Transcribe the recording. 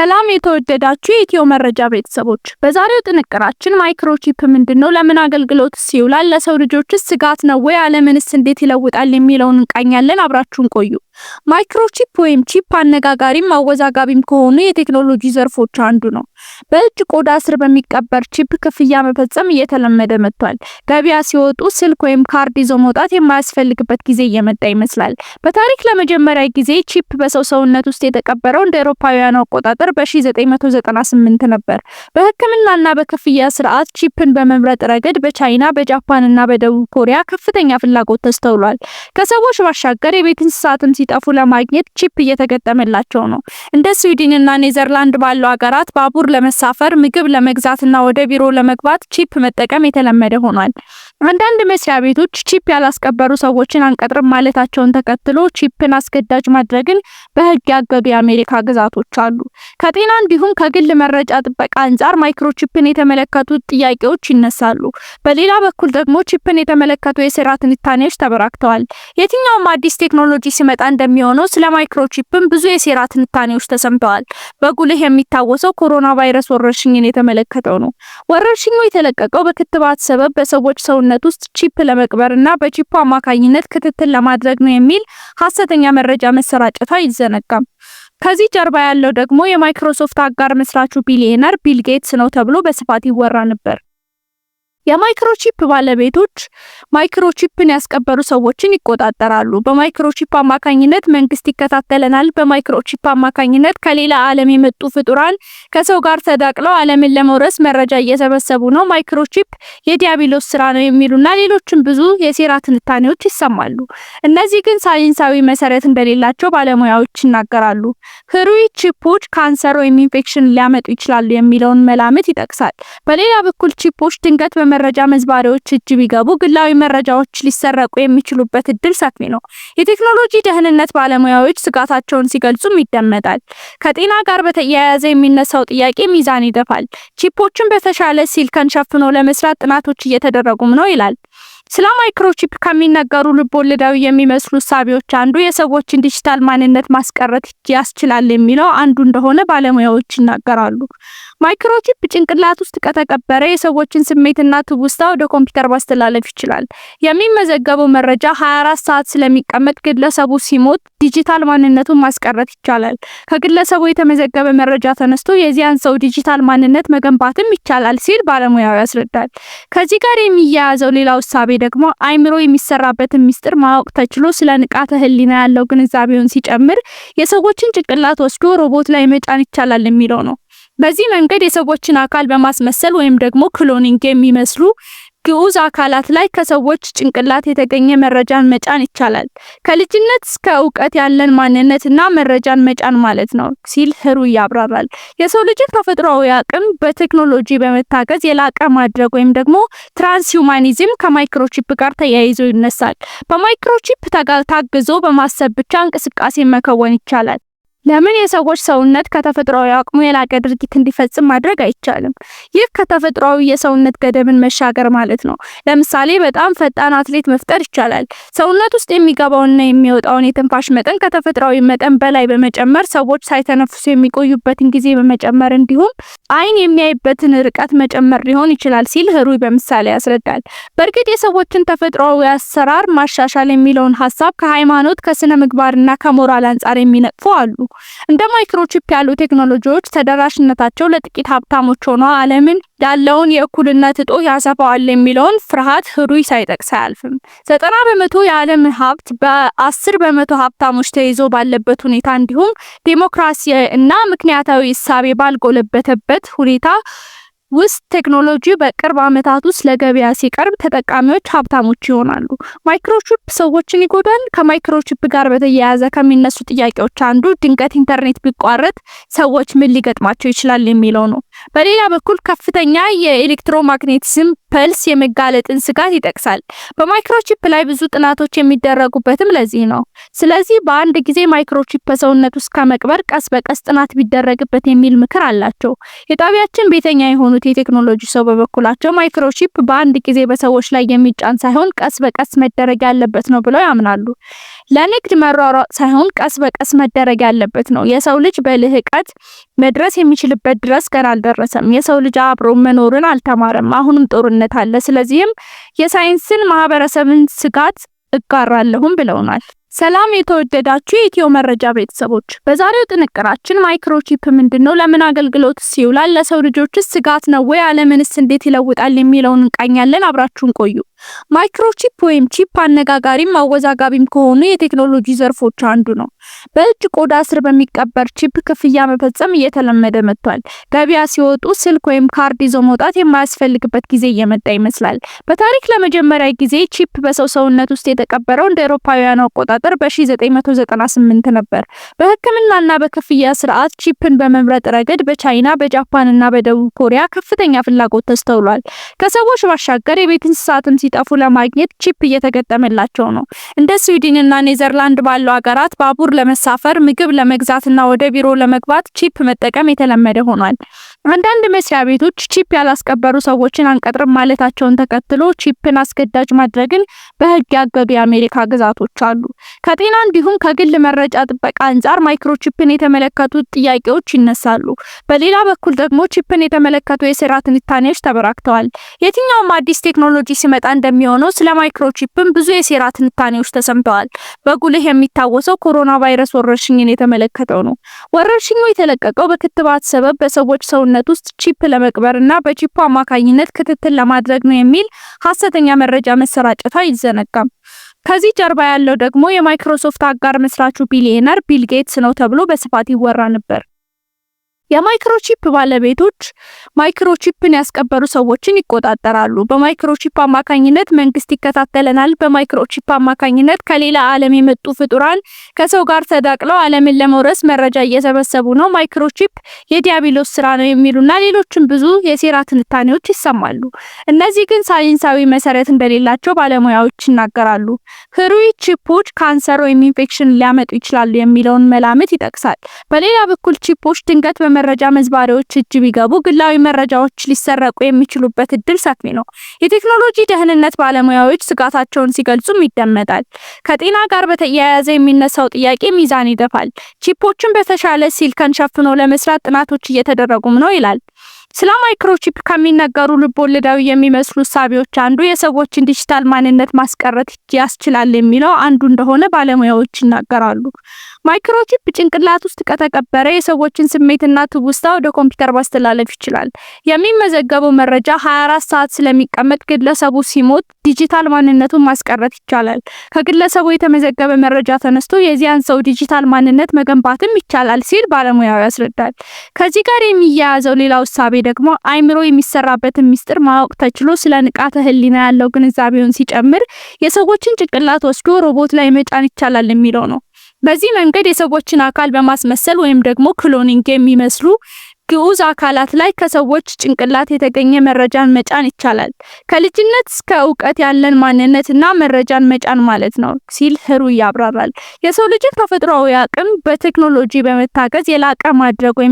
ሰላም የተወደዳችሁ የኢትዮ መረጃ ቤተሰቦች፣ በዛሬው ጥንቅራችን ማይክሮቺፕ ምንድን ነው፣ ለምን አገልግሎት ይውላል፣ ለሰው ልጆችስ ስጋት ነው ወይ፣ ዓለምንስ እንዴት ይለውጣል የሚለውን እንቃኛለን። አብራችሁን ቆዩ። ማይክሮቺፕ ወይም ቺፕ አነጋጋሪም አወዛጋቢም ከሆኑ የቴክኖሎጂ ዘርፎች አንዱ ነው። በእጅ ቆዳ ስር በሚቀበር ቺፕ ክፍያ መፈጸም እየተለመደ መጥቷል። ገበያ ሲወጡ ስልክ ወይም ካርድ ይዞ መውጣት የማያስፈልግበት ጊዜ እየመጣ ይመስላል። በታሪክ ለመጀመሪያ ጊዜ ቺፕ በሰው ሰውነት ውስጥ የተቀበረው እንደ አውሮፓውያኑ አቆጣጠር በ1998 ነበር። በሕክምናና በክፍያ ስርዓት ቺፕን በመምረጥ ረገድ በቻይና በጃፓን በደቡብ ኮሪያ ከፍተኛ ፍላጎት ተስተውሏል። ከሰዎች ባሻገር የቤት እንስሳትን እንዲጠፉ ለማግኘት ቺፕ እየተገጠመላቸው ነው። እንደ እና ኔዘርላንድ ባሉ ሀገራት ባቡር ለመሳፈር፣ ምግብ ለመግዛት እና ወደ ቢሮ ለመግባት ቺፕ መጠቀም የተለመደ ሆኗል። አንዳንድ መስሪያ ቤቶች ቺፕ ያላስቀበሩ ሰዎችን አንቀጥርም ማለታቸውን ተከትሎ ቺፕን አስገዳጅ ማድረግን በሕግ ያገዱ የአሜሪካ ግዛቶች አሉ። ከጤና እንዲሁም ከግል መረጃ ጥበቃ አንጻር ማይክሮቺፕን የተመለከቱ ጥያቄዎች ይነሳሉ። በሌላ በኩል ደግሞ ቺፕን የተመለከቱ የስራ ትንታኔዎች ተበራክተዋል። የትኛውም አዲስ ቴክኖሎጂ ሲመጣ እንደሚሆነው ስለ ማይክሮቺፕን ብዙ የስራ ትንታኔዎች ተሰምተዋል። በጉልህ የሚታወሰው ኮሮና ቫይረስ ወረርሽኝን የተመለከተው ነው። ወረርሽኙ የተለቀቀው በክትባት ሰበብ በሰዎች ሰው ሰውነት ውስጥ ቺፕ ለመቅበርና በቺፑ አማካኝነት ክትትል ለማድረግ ነው የሚል ሀሰተኛ መረጃ መሰራጨቱ አይዘነጋም። ከዚህ ጀርባ ያለው ደግሞ የማይክሮሶፍት አጋር መስራቹ ቢሊየነር ቢል ጌትስ ነው ተብሎ በስፋት ይወራ ነበር። የማይክሮቺፕ ባለቤቶች ማይክሮቺፕን ያስቀበሩ ሰዎችን ይቆጣጠራሉ። በማይክሮቺፕ አማካኝነት መንግስት ይከታተለናል። በማይክሮቺፕ አማካኝነት ከሌላ ዓለም የመጡ ፍጡራን ከሰው ጋር ተዳቅለው ዓለምን ለመውረስ መረጃ እየሰበሰቡ ነው። ማይክሮቺፕ የዲያብሎስ ስራ ነው የሚሉና ሌሎችም ብዙ የሴራ ትንታኔዎች ይሰማሉ። እነዚህ ግን ሳይንሳዊ መሰረት እንደሌላቸው ባለሙያዎች ይናገራሉ። ህሩይ ቺፖች ካንሰር ወይም ኢንፌክሽን ሊያመጡ ይችላሉ የሚለውን መላምት ይጠቅሳል። በሌላ በኩል ቺፖች ድንገት መረጃ መዝባሪዎች እጅ ቢገቡ ግላዊ መረጃዎች ሊሰረቁ የሚችሉበት እድል ሰፊ ነው። የቴክኖሎጂ ደህንነት ባለሙያዎች ስጋታቸውን ሲገልጹም ይደመጣል። ከጤና ጋር በተያያዘ የሚነሳው ጥያቄ ሚዛን ይደፋል። ቺፖችን በተሻለ ሲልከን ሸፍኖ ለመስራት ጥናቶች እየተደረጉም ነው ይላል። ስለ ማይክሮቺፕ ከሚነገሩ ልቦለዳዊ የሚመስሉ ሳቢዎች አንዱ የሰዎችን ዲጂታል ማንነት ማስቀረት ያስችላል የሚለው አንዱ እንደሆነ ባለሙያዎች ይናገራሉ። ማይክሮቺፕ ጭንቅላት ውስጥ ከተቀበረ የሰዎችን ስሜትና ትውስታ ወደ ኮምፒውተር ማስተላለፍ ይችላል። የሚመዘገበው መረጃ 24 ሰዓት ስለሚቀመጥ ግለሰቡ ሲሞት ዲጂታል ማንነቱን ማስቀረት ይቻላል። ከግለሰቡ የተመዘገበ መረጃ ተነስቶ የዚያን ሰው ዲጂታል ማንነት መገንባትም ይቻላል ሲል ባለሙያው ያስረዳል። ከዚህ ጋር የሚያያዘው ሌላው እሳቤ ደግሞ አይምሮ የሚሰራበትን ሚስጥር ማወቅ ተችሎ ስለ ንቃተ ህሊና ያለው ግንዛቤውን ሲጨምር የሰዎችን ጭንቅላት ወስዶ ሮቦት ላይ መጫን ይቻላል የሚለው ነው። በዚህ መንገድ የሰዎችን አካል በማስመሰል ወይም ደግሞ ክሎኒንግ የሚመስሉ ግዑዝ አካላት ላይ ከሰዎች ጭንቅላት የተገኘ መረጃን መጫን ይቻላል። ከልጅነት እስከ እውቀት ያለን ማንነትና መረጃን መጫን ማለት ነው ሲል ህሩ ያብራራል። የሰው ልጅን ተፈጥሯዊ አቅም በቴክኖሎጂ በመታገዝ የላቀ ማድረግ ወይም ደግሞ ትራንስ ሁማኒዝም ከማይክሮቺፕ ጋር ተያይዞ ይነሳል። በማይክሮቺፕ ታግዞ በማሰብ ብቻ እንቅስቃሴ መከወን ይቻላል። ለምን የሰዎች ሰውነት ከተፈጥሯዊ አቅሙ የላቀ ድርጊት እንዲፈጽም ማድረግ አይቻልም? ይህ ከተፈጥሯዊ የሰውነት ገደብን መሻገር ማለት ነው። ለምሳሌ በጣም ፈጣን አትሌት መፍጠር ይቻላል። ሰውነት ውስጥ የሚገባውና የሚወጣውን የትንፋሽ መጠን ከተፈጥሯዊ መጠን በላይ በመጨመር ሰዎች ሳይተነፍሱ የሚቆዩበትን ጊዜ በመጨመር እንዲሁም ዓይን የሚያይበትን ርቀት መጨመር ሊሆን ይችላል ሲል ህሩይ በምሳሌ ያስረዳል። በእርግጥ የሰዎችን ተፈጥሯዊ አሰራር ማሻሻል የሚለውን ሀሳብ ከሃይማኖት ከስነ ምግባርና ከሞራል አንጻር የሚነቅፉ አሉ። እንደ ማይክሮቺፕ ያሉ ቴክኖሎጂዎች ተደራሽነታቸው ለጥቂት ሀብታሞች ሆኖ ዓለምን ያለውን የእኩልነት እጦ ያሰፋዋል የሚለውን ፍርሃት ህሩይ ሳይጠቅስ አያልፍም። ዘጠና በመቶ የዓለም ሀብት በአስር በመቶ ሀብታሞች ተይዞ ባለበት ሁኔታ እንዲሁም ዴሞክራሲ እና ምክንያታዊ እሳቤ ባልጎለበተበት ሁኔታ ውስጥ ቴክኖሎጂ በቅርብ ዓመታት ውስጥ ለገበያ ሲቀርብ ተጠቃሚዎች ሀብታሞች ይሆናሉ። ማይክሮቺፕ ሰዎችን ይጎዳል? ከማይክሮቺፕ ጋር በተያያዘ ከሚነሱ ጥያቄዎች አንዱ ድንገት ኢንተርኔት ቢቋረጥ ሰዎች ምን ሊገጥማቸው ይችላል የሚለው ነው። በሌላ በኩል ከፍተኛ የኤሌክትሮማግኔቲዝም ፐልስ የመጋለጥን ስጋት ይጠቅሳል። በማይክሮቺፕ ላይ ብዙ ጥናቶች የሚደረጉበትም ለዚህ ነው። ስለዚህ በአንድ ጊዜ ማይክሮቺፕ በሰውነት ውስጥ ከመቅበር ቀስ በቀስ ጥናት ቢደረግበት የሚል ምክር አላቸው። የጣቢያችን ቤተኛ የሆኑት የቴክኖሎጂ ሰው በበኩላቸው ማይክሮቺፕ በአንድ ጊዜ በሰዎች ላይ የሚጫን ሳይሆን ቀስ በቀስ መደረግ ያለበት ነው ብለው ያምናሉ። ለንግድ መሯሯጥ ሳይሆን ቀስ በቀስ መደረግ ያለበት ነው። የሰው ልጅ በልህቀት መድረስ የሚችልበት ድረስ ገና አልደረሰም። የሰው ልጅ አብሮ መኖርን አልተማረም። አሁንም ጦርነት አለ። ስለዚህም የሳይንስን ማህበረሰብን ስጋት እጋራለሁም ብለውናል። ሰላም የተወደዳችሁ የኢትዮ መረጃ ቤተሰቦች፣ በዛሬው ጥንቅራችን ማይክሮቺፕ ምንድን ነው? ለምን አገልግሎት ይውላል? ለሰው ልጆችስ ስጋት ነው ወይ? ዓለምንስ እንዴት ይለውጣል? የሚለውን እንቃኛለን። አብራችሁን ቆዩ። ማይክሮቺፕ ወይም ቺፕ አነጋጋሪም አወዛጋቢም ከሆኑ የቴክኖሎጂ ዘርፎች አንዱ ነው። በእጅ ቆዳ ስር በሚቀበር ቺፕ ክፍያ መፈጸም እየተለመደ መጥቷል። ገበያ ሲወጡ ስልክ ወይም ካርድ ይዞ መውጣት የማያስፈልግበት ጊዜ እየመጣ ይመስላል። በታሪክ ለመጀመሪያ ጊዜ ቺፕ በሰው ሰውነት ውስጥ የተቀበረው እንደ አውሮፓውያኑ አቆጣጠር በ1998 ነበር። በሕክምናና በክፍያ ስርዓት ቺፕን በመምረጥ ረገድ በቻይና በጃፓንና በደቡብ ኮሪያ ከፍተኛ ፍላጎት ተስተውሏል። ከሰዎች ባሻገር የቤት እንስሳትም ሲጠፉ ለማግኘት ቺፕ እየተገጠመላቸው ነው። እንደ ስዊድንና ኔዘርላንድ ባሉ ሀገራት ባቡር ለመሳፈር፣ ምግብ ለመግዛትና ወደ ቢሮ ለመግባት ቺፕ መጠቀም የተለመደ ሆኗል። አንዳንድ መስሪያ ቤቶች ቺፕ ያላስቀበሩ ሰዎችን አንቀጥርም ማለታቸውን ተከትሎ ቺፕን አስገዳጅ ማድረግን በሕግ ያገዱ የአሜሪካ ግዛቶች አሉ። ከጤና እንዲሁም ከግል መረጃ ጥበቃ አንጻር ማይክሮቺፕን የተመለከቱ ጥያቄዎች ይነሳሉ። በሌላ በኩል ደግሞ ቺፕን የተመለከቱ የስራ ትንታኔዎች ተበራክተዋል። የትኛውም አዲስ ቴክኖሎጂ ሲመጣ እንደሚሆነው ስለ ማይክሮቺፕን ብዙ የስራ ትንታኔዎች ተሰምተዋል። በጉልህ የሚታወሰው ኮሮና ቫይረስ ወረርሽኝን የተመለከተው ነው። ወረርሽኙ የተለቀቀው በክትባት ሰበብ በሰዎች ሰውነት ውስጥ ቺፕ ለመቅበር እና በቺፑ አማካኝነት ክትትል ለማድረግ ነው የሚል ሀሰተኛ መረጃ መሰራጨቱ አይዘነጋም። ከዚህ ጀርባ ያለው ደግሞ የማይክሮሶፍት አጋር መስራቹ ቢሊዮነር ቢል ጌትስ ነው ተብሎ በስፋት ይወራ ነበር። የማይክሮቺፕ ባለቤቶች ማይክሮቺፕን ያስቀበሩ ሰዎችን ይቆጣጠራሉ። በማይክሮቺፕ አማካኝነት መንግስት ይከታተለናል። በማይክሮቺፕ አማካኝነት ከሌላ ዓለም የመጡ ፍጡራን ከሰው ጋር ተዳቅለው ዓለምን ለመውረስ መረጃ እየሰበሰቡ ነው። ማይክሮቺፕ የዲያብሎስ ስራ ነው የሚሉና ሌሎችም ብዙ የሴራ ትንታኔዎች ይሰማሉ። እነዚህ ግን ሳይንሳዊ መሰረት እንደሌላቸው ባለሙያዎች ይናገራሉ። ህሩዊ ቺፖች ካንሰር ወይም ኢንፌክሽን ሊያመጡ ይችላሉ የሚለውን መላምት ይጠቅሳል። በሌላ በኩል ቺፖች ድንገት በመ የመረጃ መዝባሪዎች እጅ ቢገቡ ግላዊ መረጃዎች ሊሰረቁ የሚችሉበት እድል ሰፊ ነው። የቴክኖሎጂ ደህንነት ባለሙያዎች ስጋታቸውን ሲገልጹም ይደመጣል። ከጤና ጋር በተያያዘ የሚነሳው ጥያቄ ሚዛን ይደፋል። ቺፖችን በተሻለ ሲልከን ሸፍኖ ለመስራት ጥናቶች እየተደረጉም ነው ይላል። ስለ ማይክሮቺፕ ከሚነገሩ ልቦለዳዊ የሚመስሉ እሳቤዎች አንዱ የሰዎችን ዲጂታል ማንነት ማስቀረት ያስችላል የሚለው አንዱ እንደሆነ ባለሙያዎች ይናገራሉ። ማይክሮቺፕ ጭንቅላት ውስጥ ከተቀበረ የሰዎችን ስሜትና ትውስታ ወደ ኮምፒውተር ማስተላለፍ ይችላል። የሚመዘገበው መረጃ 24 ሰዓት ስለሚቀመጥ ግለሰቡ ሲሞት ዲጂታል ማንነቱን ማስቀረት ይቻላል። ከግለሰቡ የተመዘገበ መረጃ ተነስቶ የዚያን ሰው ዲጂታል ማንነት መገንባትም ይቻላል ሲል ባለሙያው ያስረዳል። ከዚህ ጋር የሚያያዘው ሌላው እሳቤ ደግሞ አይምሮ የሚሰራበትን ሚስጥር ማወቅ ተችሎ ስለ ንቃተ ህሊና ያለው ግንዛቤውን ሲጨምር የሰዎችን ጭንቅላት ወስዶ ሮቦት ላይ መጫን ይቻላል የሚለው ነው። በዚህ መንገድ የሰዎችን አካል በማስመሰል ወይም ደግሞ ክሎኒንግ የሚመስሉ ግዑዝ አካላት ላይ ከሰዎች ጭንቅላት የተገኘ መረጃን መጫን ይቻላል። ከልጅነት እስከ እውቀት ያለን ማንነትና መረጃን መጫን ማለት ነው ሲል ህሩ ያብራራል። የሰው ልጅን ተፈጥሯዊ አቅም በቴክኖሎጂ በመታገዝ የላቀ ማድረግ ወይም